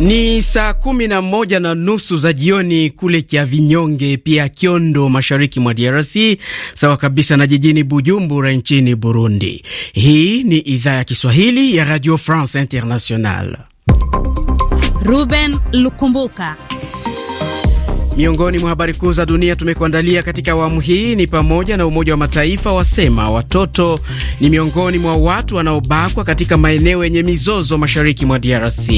Ni saa kumi na moja na nusu za jioni kule Kyavinyonge, pia Kyondo, mashariki mwa DRC, sawa kabisa na jijini Bujumbura nchini Burundi. Hii ni idhaa ya Kiswahili ya Radio France International. Ruben Lukumbuka. Miongoni mwa habari kuu za dunia tumekuandalia katika awamu hii ni pamoja na Umoja wa Mataifa wasema watoto ni miongoni mwa watu wanaobakwa katika maeneo yenye mizozo mashariki mwa DRC.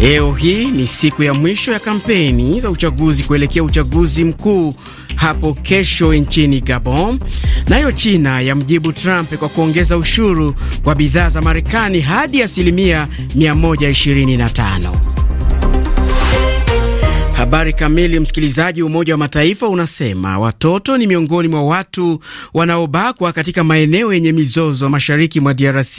Leo hii ni siku ya mwisho ya kampeni za uchaguzi kuelekea uchaguzi mkuu hapo kesho nchini Gabon. Nayo China yamjibu Trump kwa kuongeza ushuru kwa bidhaa za Marekani hadi asilimia 125. Habari kamili, msikilizaji. Umoja wa Mataifa unasema watoto ni miongoni mwa watu wanaobakwa katika maeneo yenye mizozo mashariki mwa DRC,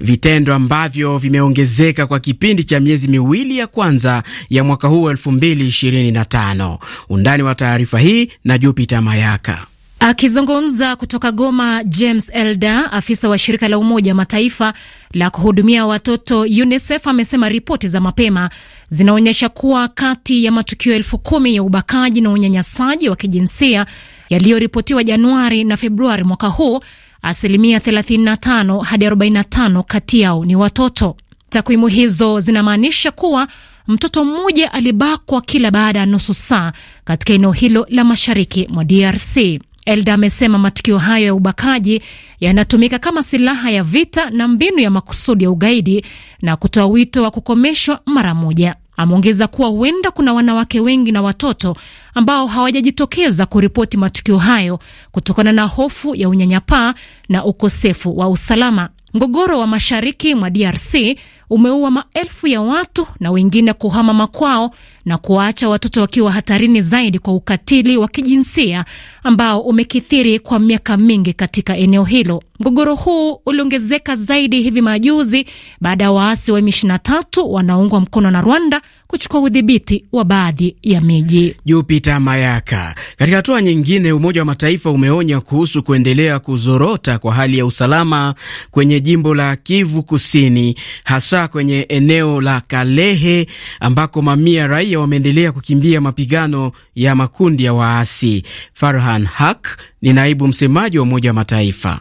vitendo ambavyo vimeongezeka kwa kipindi cha miezi miwili ya kwanza ya mwaka huu 2025. Undani wa taarifa hii na Jupita Mayaka. Akizungumza kutoka Goma, James Elda, afisa wa shirika la Umoja wa Mataifa la kuhudumia watoto UNICEF, amesema ripoti za mapema zinaonyesha kuwa kati ya matukio elfu kumi ya ubakaji na unyanyasaji wa kijinsia yaliyoripotiwa Januari na Februari mwaka huu, asilimia 35 hadi 45 kati yao ni watoto. Takwimu hizo zinamaanisha kuwa mtoto mmoja alibakwa kila baada ya nusu saa katika eneo hilo la mashariki mwa DRC. Elda amesema matukio hayo ya ubakaji yanatumika kama silaha ya vita na mbinu ya makusudi ya ugaidi na kutoa wito wa kukomeshwa mara moja. Ameongeza kuwa huenda kuna wanawake wengi na watoto ambao hawajajitokeza kuripoti matukio hayo kutokana na hofu ya unyanyapaa na ukosefu wa usalama. Mgogoro wa mashariki mwa DRC umeua maelfu ya watu na wengine kuhama makwao na kuwaacha watoto wakiwa hatarini zaidi kwa ukatili wa kijinsia ambao umekithiri kwa miaka mingi katika eneo hilo. Mgogoro huu uliongezeka zaidi hivi majuzi baada ya waasi wa M23 wanaoungwa mkono na Rwanda kuchukua udhibiti wa baadhi ya miji. Jupita Mayaka. Katika hatua nyingine, Umoja wa Mataifa umeonya kuhusu kuendelea kuzorota kwa hali ya usalama kwenye jimbo la Kivu Kusini, hasa kwenye eneo la Kalehe ambako mamia raia raia wameendelea kukimbia mapigano ya makundi ya waasi. Farhan Haq ni naibu msemaji wa Umoja wa Mataifa.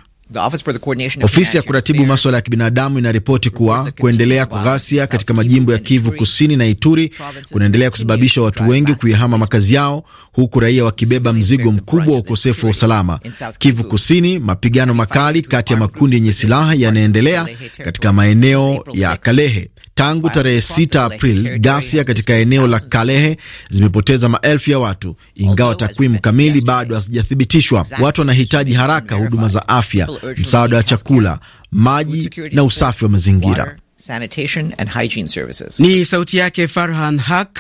Ofisi ya kuratibu maswala ya kibinadamu inaripoti kuwa kuendelea kwa ghasia katika majimbo ya Kivu Kusini na Ituri kunaendelea kusababisha watu wengi kuihama makazi yao, huku raia wakibeba mzigo mkubwa wa ukosefu wa usalama. Kivu Kusini, mapigano makali kati ya makundi yenye silaha yanaendelea katika maeneo ya Kalehe. Tangu tarehe 6 Aprili, ghasia katika eneo la Kalehe zimepoteza maelfu ya watu, ingawa takwimu kamili bado hazijathibitishwa. Watu wanahitaji haraka huduma za afya, msaada wa chakula, maji na usafi wa mazingira. Sanitation and hygiene services. Ni sauti yake Farhan Haq,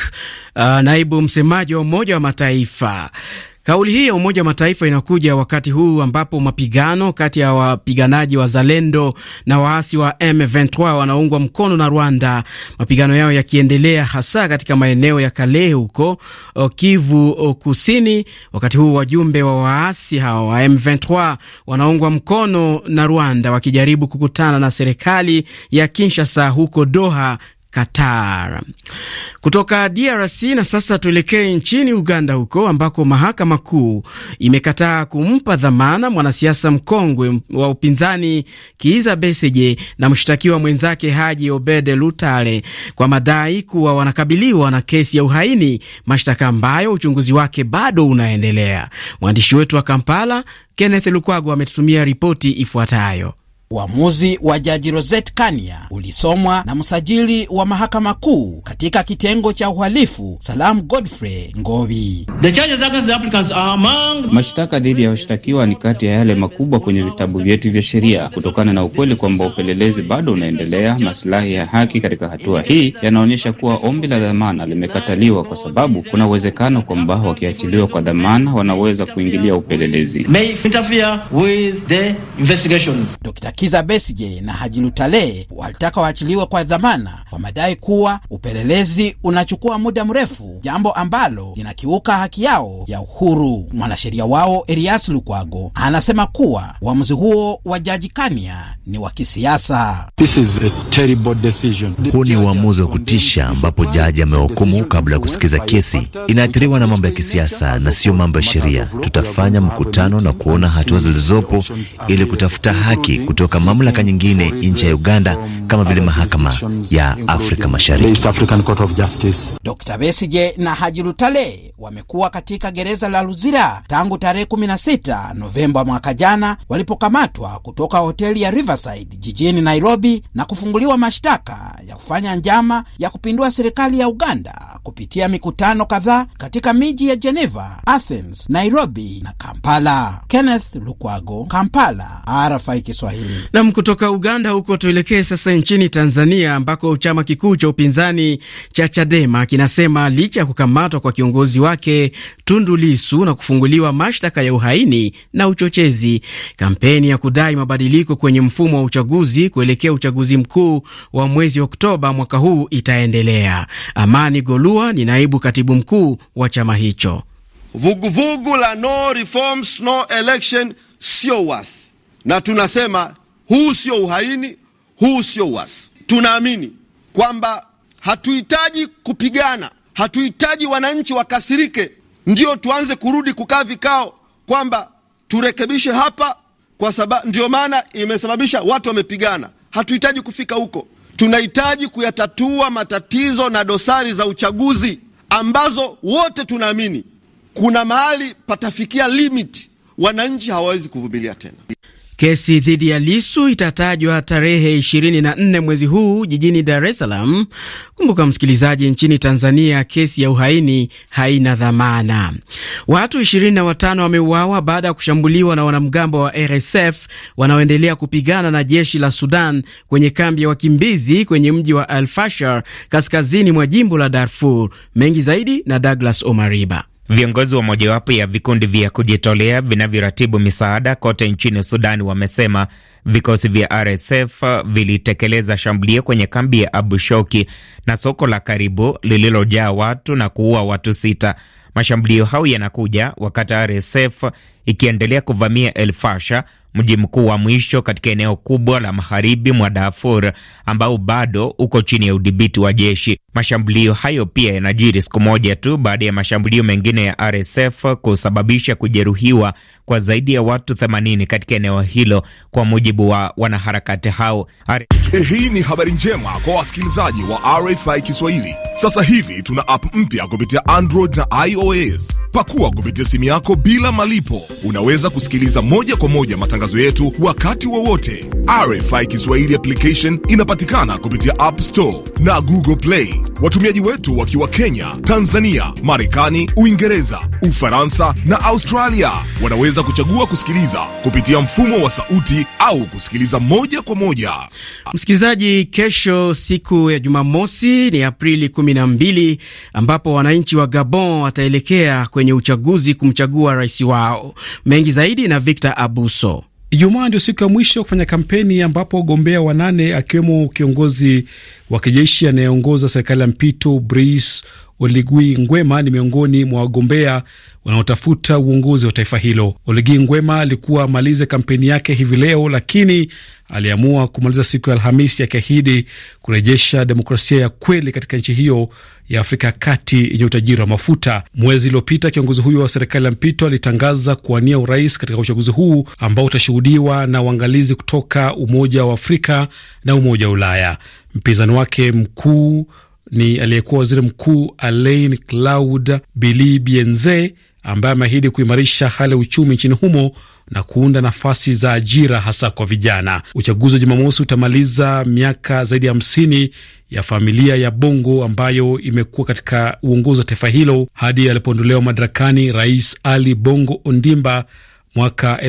uh, naibu msemaji wa Umoja wa Mataifa. Kauli hii ya Umoja wa Mataifa inakuja wakati huu ambapo mapigano kati ya wapiganaji wazalendo na waasi wa M23 wanaoungwa mkono na Rwanda, mapigano yao yakiendelea hasa katika maeneo ya Kalehe huko Kivu Kusini, wakati huu wajumbe wa waasi hawa wa M23 wanaungwa mkono na Rwanda wakijaribu kukutana na serikali ya Kinshasa huko Doha Qatar. Kutoka DRC na sasa tuelekee nchini Uganda, huko ambako mahakama kuu imekataa kumpa dhamana mwanasiasa mkongwe wa upinzani Kiiza Beseje na mshtakiwa mwenzake Haji Obede Lutale kwa madai kuwa wanakabiliwa na kesi ya uhaini, mashtaka ambayo uchunguzi wake bado unaendelea. Mwandishi wetu wa Kampala Kenneth Lukwago ametutumia ripoti ifuatayo. Uamuzi wa jaji Rosette Kania ulisomwa na msajili wa mahakama kuu katika kitengo cha uhalifu Salam Godfrey Ngovi. Mashtaka dhidi ya washtakiwa ni kati ya yale makubwa kwenye vitabu vyetu vya sheria, kutokana na ukweli kwamba upelelezi bado unaendelea. Masilahi ya haki katika hatua hii yanaonyesha kuwa ombi la dhamana limekataliwa, kwa sababu kuna uwezekano kwamba wakiachiliwa kwa dhamana wanaweza kuingilia upelelezi. May Kiza Besije na Haji Lutale walitaka waachiliwe kwa dhamana kwa madai kuwa upelelezi unachukua muda mrefu, jambo ambalo linakiuka haki yao ya uhuru. Mwanasheria wao Elias Lukwago anasema kuwa uamuzi huo wa Jaji Kania ni wa kisiasa. Huu ni uamuzi wa kutisha, ambapo jaji amehukumu kabla ya kusikiza kesi. Inaathiriwa na mambo ya kisiasa na sio mambo ya sheria. Tutafanya mkutano na kuona hatua zilizopo ili kutafuta haki kutoka kutoka mamlaka nyingine nje ya Uganda kama vile mahakama ya Afrika Mashariki. Dr. Besigye na Haji Lutale wamekuwa katika gereza la Luzira tangu tarehe 16 Novemba mwaka jana walipokamatwa kutoka hoteli ya Riverside jijini Nairobi na kufunguliwa mashtaka ya kufanya njama ya kupindua serikali ya Uganda kupitia mikutano kadhaa katika miji ya Geneva, Athens, Nairobi na Kampala. Kenneth Lukwago, Kampala, RFI Kiswahili. Nam kutoka Uganda huko tuelekee sasa nchini Tanzania ambako chama kikuu cha upinzani cha Chadema kinasema licha ya kukamatwa kwa kiongozi wake Tundu Lisu na kufunguliwa mashtaka ya uhaini na uchochezi, kampeni ya kudai mabadiliko kwenye mfumo wa uchaguzi kuelekea uchaguzi mkuu wa mwezi Oktoba mwaka huu itaendelea. Amani Golua ni naibu katibu mkuu wa chama hicho. Vuguvugu la no reforms, no election sio wasi, na tunasema huu sio uhaini, huu sio uasi. Tunaamini kwamba hatuhitaji kupigana, hatuhitaji wananchi wakasirike ndio tuanze kurudi kukaa vikao kwamba turekebishe hapa, kwa sababu ndio maana imesababisha watu wamepigana. Hatuhitaji kufika huko, tunahitaji kuyatatua matatizo na dosari za uchaguzi ambazo wote tunaamini kuna mahali patafikia limit, wananchi hawawezi kuvumilia tena. Kesi dhidi ya Lisu itatajwa tarehe 24 mwezi huu jijini Dar es Salaam. Kumbuka msikilizaji, nchini Tanzania kesi ya uhaini haina dhamana. Watu 25 wameuawa baada ya kushambuliwa na wanamgambo wa RSF wanaoendelea kupigana na jeshi la Sudan kwenye kambi ya wakimbizi kwenye mji wa Al Fashar kaskazini mwa jimbo la Darfur. Mengi zaidi na Douglas Omariba. Viongozi wa mojawapo ya vikundi vya kujitolea vinavyoratibu misaada kote nchini Sudani wamesema vikosi vya RSF vilitekeleza shambulio kwenye kambi ya Abu Shoki na soko la karibu lililojaa watu na kuua watu sita. Mashambulio hayo yanakuja wakati RSF ikiendelea kuvamia El Fasha, mji mkuu wa mwisho katika eneo kubwa la magharibi mwa Darfur ambao bado uko chini ya udhibiti wa jeshi. Mashambulio hayo pia yanajiri siku moja tu baada ya mashambulio mengine ya RSF kusababisha kujeruhiwa kwa zaidi ya watu 80 katika eneo hilo, kwa mujibu wa wanaharakati hao. Eh, hii ni habari njema kwa wasikilizaji wa RFI Kiswahili. Sasa hivi tuna app mpya kupitia Android na iOS. Pakua kupitia simu yako bila malipo Unaweza kusikiliza moja kwa moja matangazo yetu wakati wowote. Wa RFI Kiswahili application inapatikana kupitia App Store na Google Play. Watumiaji wetu wakiwa Kenya, Tanzania, Marekani, Uingereza, Ufaransa na Australia wanaweza kuchagua kusikiliza kupitia mfumo wa sauti au kusikiliza moja kwa moja. Msikilizaji, kesho siku ya Jumamosi ni Aprili 12 ambapo wananchi wa Gabon wataelekea kwenye uchaguzi kumchagua rais wao. Mengi zaidi na Victor Abuso. Ijumaa ndio siku ya mwisho kufanya kampeni ambapo wagombea wanane akiwemo kiongozi wa kijeshi anayeongoza serikali ya mpito Brice Oligui Ngwema ni miongoni mwa wagombea wanaotafuta uongozi wa taifa hilo. Oligui Ngwema alikuwa amalize kampeni yake hivi leo, lakini aliamua kumaliza siku ya Alhamisi akiahidi kurejesha demokrasia ya kweli katika nchi hiyo ya Afrika ya kati yenye utajiri wa mafuta. Mwezi uliopita kiongozi huyo wa serikali ya mpito alitangaza kuwania urais katika uchaguzi huu ambao utashuhudiwa na uangalizi kutoka Umoja wa Afrika na Umoja wa Ulaya. Mpinzani wake mkuu ni aliyekuwa waziri mkuu Alain Claude Bili Bienze ambaye ameahidi kuimarisha hali ya uchumi nchini humo na kuunda nafasi za ajira hasa kwa vijana. Uchaguzi wa Jumamosi utamaliza miaka zaidi ya hamsini ya familia ya Bongo ambayo imekuwa katika uongozi wa taifa hilo hadi alipoondolewa madarakani Rais Ali Bongo Ondimba mwaka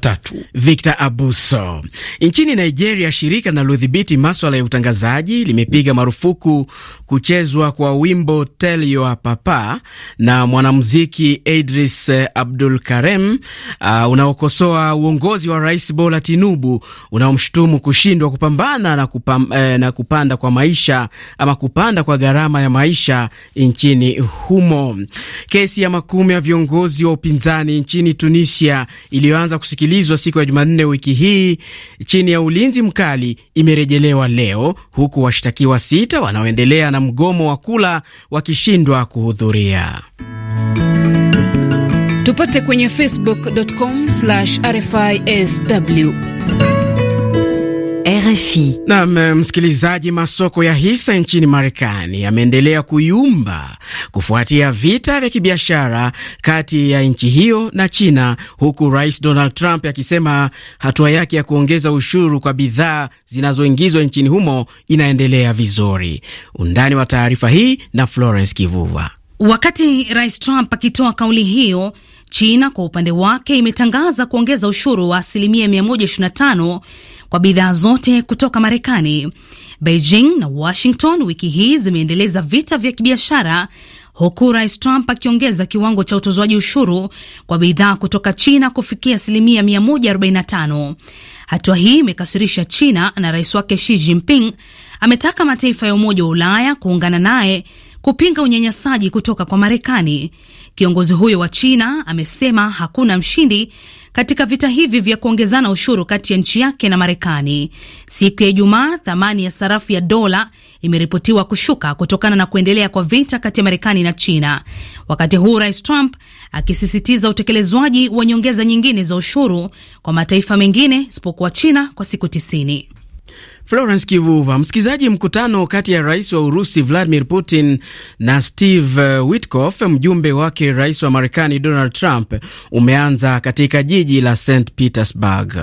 tatu. Victor Abuso. Nchini Nigeria, shirika linalodhibiti maswala ya utangazaji limepiga marufuku kuchezwa kwa wimbo Tell Your Papa na mwanamuziki Idris Abdul Karem uh, unaokosoa uongozi wa Rais Bola Tinubu unaomshutumu kushindwa kupambana na, kupam, eh, na kupanda kwa maisha ama kupanda kwa gharama ya maisha nchini humo. Kesi ya makumi ya viongozi wa upinzani nchini Tunisia Tunisia iliyoanza kusikilizwa siku ya Jumanne wiki hii chini ya ulinzi mkali imerejelewa leo, huku washtakiwa sita wanaoendelea na mgomo wa kula wakishindwa kuhudhuria. Tupate kwenye facebook.com/rfisw RFI. Naam, eh, msikilizaji, masoko ya hisa nchini Marekani yameendelea kuyumba kufuatia vita vya kibiashara kati ya nchi hiyo na China, huku Rais Donald Trump akisema hatua yake ya kuongeza ushuru kwa bidhaa zinazoingizwa nchini humo inaendelea vizuri. Undani wa taarifa hii na Florence Kivuva. Wakati Rais Trump akitoa kauli hiyo, China kwa upande wake imetangaza kuongeza ushuru wa asilimia 125 kwa bidhaa zote kutoka Marekani. Beijing na Washington wiki hii zimeendeleza vita vya kibiashara huku Rais Trump akiongeza kiwango cha utozwaji ushuru kwa bidhaa kutoka China kufikia asilimia 145. Hatua hii imekasirisha China na rais wake Xi Jinping ametaka mataifa ya Umoja wa Ulaya kuungana naye kupinga unyanyasaji kutoka kwa Marekani. Kiongozi huyo wa China amesema hakuna mshindi katika vita hivi vya kuongezana ushuru kati ya nchi yake na Marekani. Siku ya Ijumaa, thamani ya sarafu ya dola imeripotiwa kushuka kutokana na kuendelea kwa vita kati ya Marekani na China, wakati huu Rais Trump akisisitiza utekelezwaji wa nyongeza nyingine za ushuru kwa mataifa mengine isipokuwa China kwa siku tisini. Florence Kivuva. Msikilizaji, mkutano kati ya rais wa Urusi Vladimir Putin na Steve uh, Witkoff, mjumbe wake rais wa Marekani Donald Trump, umeanza katika jiji la St Petersburg.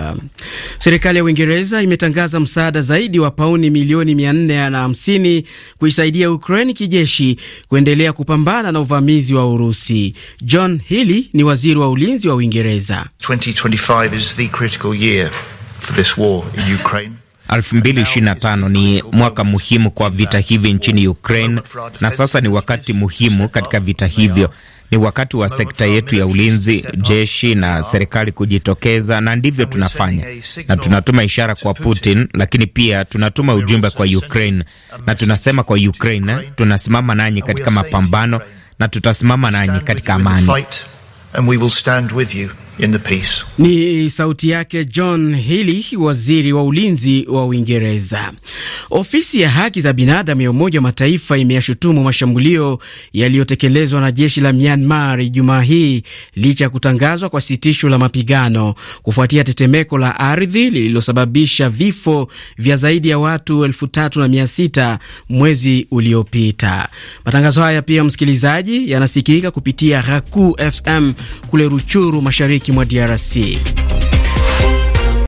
Serikali ya Uingereza imetangaza msaada zaidi wa pauni milioni 450 kuisaidia Ukraine kijeshi kuendelea kupambana na uvamizi wa Urusi. John Healey ni waziri wa ulinzi wa Uingereza. 2025 is the critical year for this war in Ukraine. 2025 ni mwaka muhimu kwa vita hivi nchini Ukraine, na sasa ni wakati muhimu katika vita hivyo. Ni wakati wa sekta yetu ya ulinzi, jeshi na serikali kujitokeza, na ndivyo tunafanya, na tunatuma ishara kwa Putin, lakini pia tunatuma ujumbe kwa Ukraine na tunasema kwa Ukraine, tunasimama nanyi katika mapambano na tutasimama nanyi katika amani. In the peace. Ni sauti yake John hili waziri wa ulinzi wa Uingereza. Ofisi ya haki za binadamu ya Umoja wa Mataifa imeyashutumu mashambulio yaliyotekelezwa na jeshi la Myanmar Ijumaa hii licha ya kutangazwa kwa sitisho la mapigano kufuatia tetemeko la ardhi lililosababisha vifo vya zaidi ya watu elfu tatu na mia sita mwezi uliopita. Matangazo haya pia, msikilizaji, yanasikika kupitia Raku FM kule Ruchuru, mashariki mashariki mwa DRC.